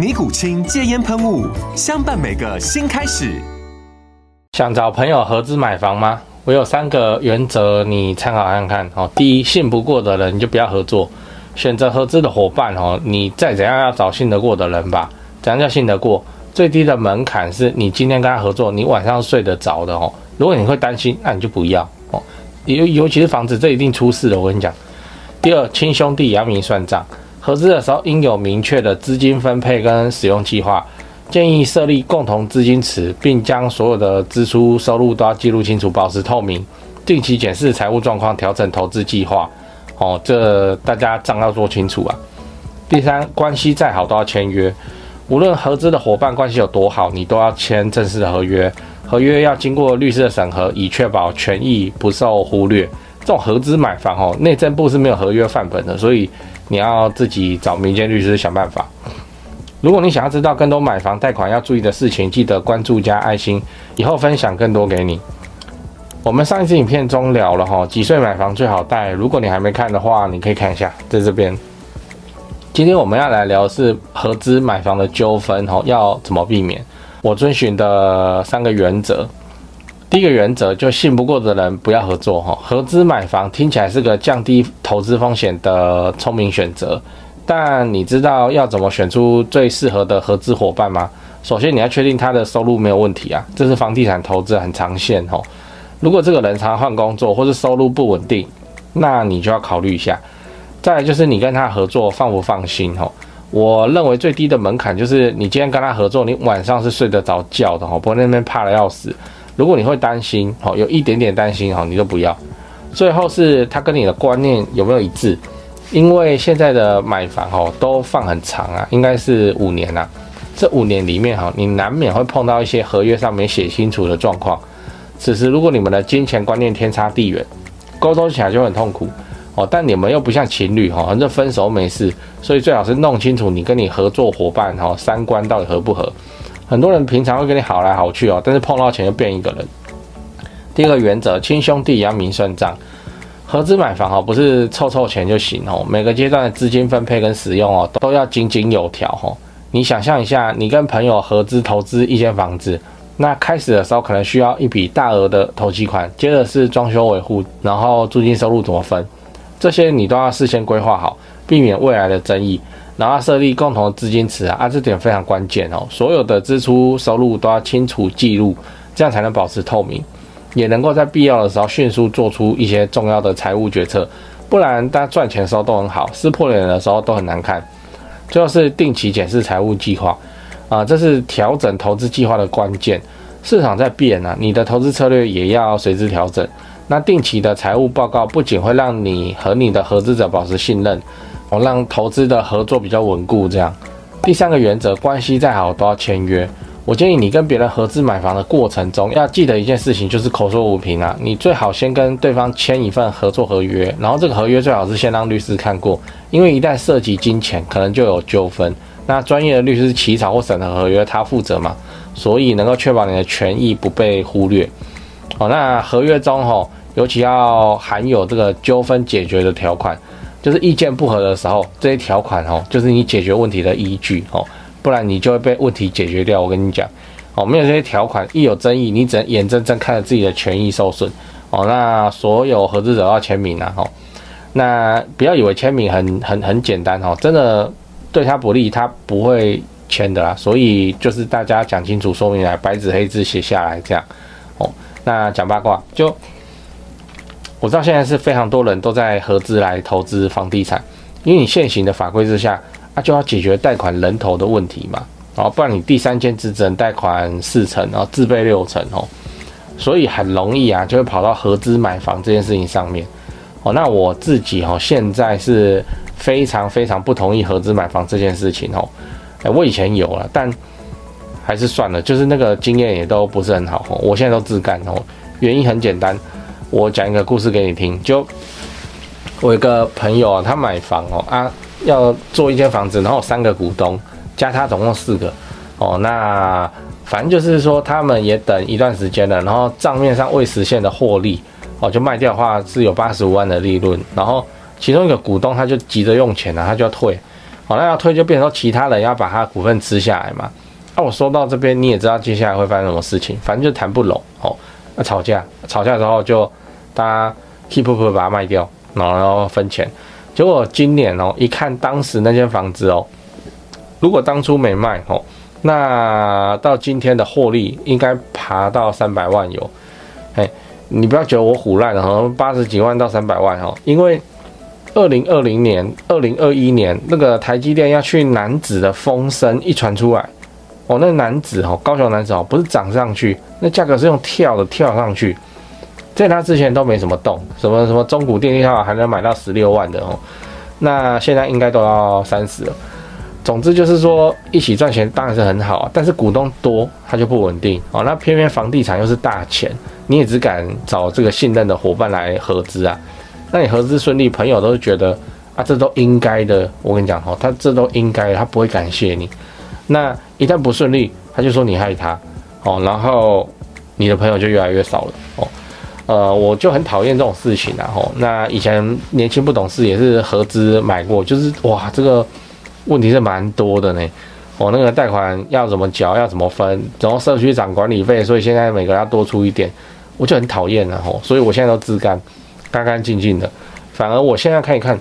尼古清戒煙噴霧，相伴每個新開始。想找朋友合資買房嗎？我有三個原則，你參考看看。第一，信不過的人你就不要合作。選擇合資的夥伴，你再怎樣要找信得過的人吧。怎樣叫信得過？最低的門檻是你今天跟他合作，你晚上睡得着的哦。如果你會擔心，那、啊、你就不要哦。尤尤其是房子，這一定出事的，我跟你講。第二，親兄弟也要明算賬。合資的時候應有明確的資金分配跟使用計劃，建議設立共同資金池，並將所有的支出、收入都要記錄清楚，保持透明。定期檢視財務狀況，調整投資計劃。哦，這大家賬要做清楚啊。第三，關係再好都要簽約，無論合資的夥伴關係有多好，你都要簽正式的合約。合約要經過律師的審核，以確保權益不受忽略。這種合資買房哦，內政部是沒有合約範本的，所以。你要自己找民間律師想辦法。如果你想要知道更多買房貸款要注意的事情，記得關注加愛心，以後分享更多給你。我們上一次影片中聊了哈，幾歲買房最好貸？如果你還沒看的話，你可以看一下，在這邊。今天我們要來聊的是合資買房的糾紛哈，要怎麼避免？我遵循的三個原則。第一個原則，就信不過的人不要合作哈。合資買房聽起來是個降低投資風險的聰明選擇，但你知道要怎麼選出最適合的合資夥伴嗎？首先你要確定他的收入沒有問題啊，這是房地產投資很長線哦。如果這個人常換工作或是收入不穩定，那你就要考慮一下。再來就是你跟他合作放不放心哦？我認為最低的門檻就是你今天跟他合作，你晚上是睡得着覺的哦，不過那邊怕得要死。如果你會擔心，哈，有一點點擔心，哈，你都不要。最後是他跟你的觀念有沒有一致？因為現在的買房，哈，都放很長啊，應該是五年啊。這五年裡面，哈，你難免會碰到一些合約上沒寫清楚的狀況。此時如果你們的金錢觀念天差地遠，溝通起來就很痛苦，哦。但你們又不像情侶，哈，反正分手沒事，所以最好是弄清楚你跟你合作夥伴，哈，三觀到底合不合。很多人平常會跟你好來好去哦，但是碰到錢就變一個人。第二個原則，親兄弟也要明算賬。合資買房哦，不是湊湊錢就行哦，每個階段的資金分配跟使用哦，都要井井有條哦。你想象一下，你跟朋友合資投資一間房子，那開始的時候可能需要一筆大額的頭期款，接着是裝修維護，然後租金收入怎麼分，這些你都要事先規劃好，避免未來的爭議。然後設立共同的資金池啊，啊，這點非常關鍵哦。所有的支出、收入都要清楚記錄，這樣才能保持透明，也能夠在必要的時候迅速做出一些重要的財務決策。不然，大家賺錢的時候都很好，撕破臉的時候都很難看。最後是定期檢視財務計劃啊，這是調整投資計劃的關鍵。市場在變啊，你的投資策略也要隨之調整。那定期的財務報告不僅會讓你和你的合資者保持信任。哦，讓投資的合作比較穩固，這樣。第三個原則，關係再好都要簽約。我建議你跟別人合資買房的過程中，要記得一件事情，就是口說無憑啊，你最好先跟對方簽一份合作合約，然後這個合約最好是先讓律師看過，因為一旦涉及金錢，可能就有糾紛。那專業的律師起草或審核合約，他負責嘛，所以能夠確保你的權益不被忽略。哦，那合約中吼尤其要含有這個糾紛解決的條款。就是意見不合的時候，這些條款哦、喔，就是你解決問題的依據哦、喔，不然你就會被問題解決掉。我跟你講，哦、喔，沒有這些條款，一有爭議，你只能眼睜睜看着自己的權益受損。哦、喔，那所有合資者要簽名啊，哦、喔，那不要以為簽名很很很簡單哦、喔，真的對他不利，他不會簽的啦。所以就是大家講清楚說明白，白紙黑字寫下來這樣，哦、喔，那講八卦就。我知道現在是非常多人都在合資來投資房地產，因為你現行的法規之下，啊就要解決貸款人頭的問題嘛，然後不然你第三間只能貸款四成，然後自備六成哦，所以很容易啊就會跑到合資買房這件事情上面哦。那我自己哦現在是非常非常不同意合資買房這件事情哦，誒，我以前有了，但還是算了，就是那個經驗也都不是很好哦，我現在都自幹哦，原因很簡單。我講一個故事給你聽，就我有一個朋友啊，他買房哦啊，啊，要做一間房子，然後三個股東加他總共四個哦、啊，那反正就是說他們也等一段時間了，然後賬面上未實現的獲利哦、啊，就賣掉的話是有八十五萬的利潤，然後其中一個股東他就急着用錢了、啊，他就要退，哦，那要退就變成說其他人要把他的股份吃下來嘛、啊，那我說到這邊你也知道接下來會發生什麼事情，反正就談不攏哦，那吵架，吵架之後就。他 keep up 把它賣掉，然後分錢。結果今年哦，一看當時那間房子哦，如果當初沒賣哦，那到今天的獲利應該爬到三百萬有。哎，你不要覺得我唬爛了，八十幾萬到三百萬哦。因為二零二零年、二零二一年那個台積電要去楠梓的風聲一傳出來，哦，那楠梓哦，高雄楠梓哦，不是漲上去，那價格是用跳的跳上去。在他之前都沒什麼動，什麼什麼中古電梯號還能買到十六萬的哦，那現在應該都要三十了。總之就是說一起賺錢當然是很好，但是股東多他就不穩定哦。那偏偏房地產又是大錢，你也只敢找這個信任的夥伴來合資啊。那你合資順利，朋友都覺得啊這都應該的。我跟你講哦，他這都應該，他不會感謝你。那一旦不順利，他就說你害他哦，然後你的朋友就越來越少了哦。呃，我就很討厭這種事情然、啊、吼，那以前年輕不懂事，也是合資買過，就是哇，這個問題是蠻多的呢。我、哦、那個貸款要怎麼繳，要怎麼分，然後社區漲管理費，所以現在每個要多出一點，我就很討厭然吼，所以我現在都自幹，乾乾淨淨的。反而我現在看一看，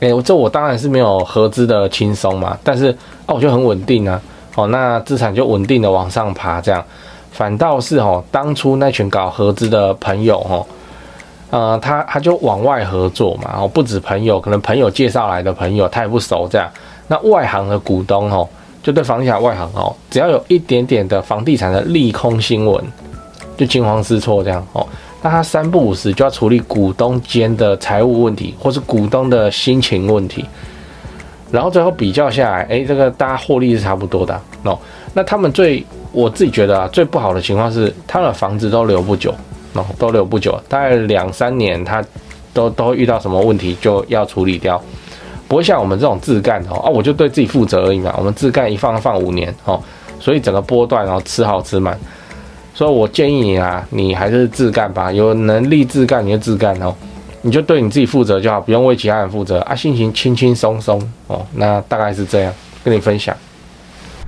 哎、欸，這我當然是沒有合資的輕鬆嘛，但是哦，我就很穩定啊！哦，那資產就穩定的往上爬，這樣。反倒是吼、哦，當初那群搞合資的朋友哦，啊、呃，他他就往外合作嘛，哦，不止朋友，可能朋友介紹來的朋友，他也不熟這樣。那外行的股東吼、哦，就對房地產外行哦，只要有一點點的房地產的利空新聞，就驚慌失措這樣哦。那他三不五時就要處理股東間的財務問題，或是股東的心情問題，然後最後比較下來，誒、欸，這個大家獲利是差不多的、哦。那他們最，我自己覺得啊，最不好的情況是，他的房子都留不久，哦，都留不久，大概兩三年，他都都會遇到什麼問題就要處理掉，不會像我們這種自幹哦，啊，我就對自己負責而已嘛，我們自幹一放放五年哦，所以整個波段哦，吃好吃滿，所以我建議你啊，你還是自幹吧，有能力自幹你就自幹哦，你就對你自己負責就好，不用為其他人負責啊，心情輕輕鬆鬆哦，那大概是這樣跟你分享。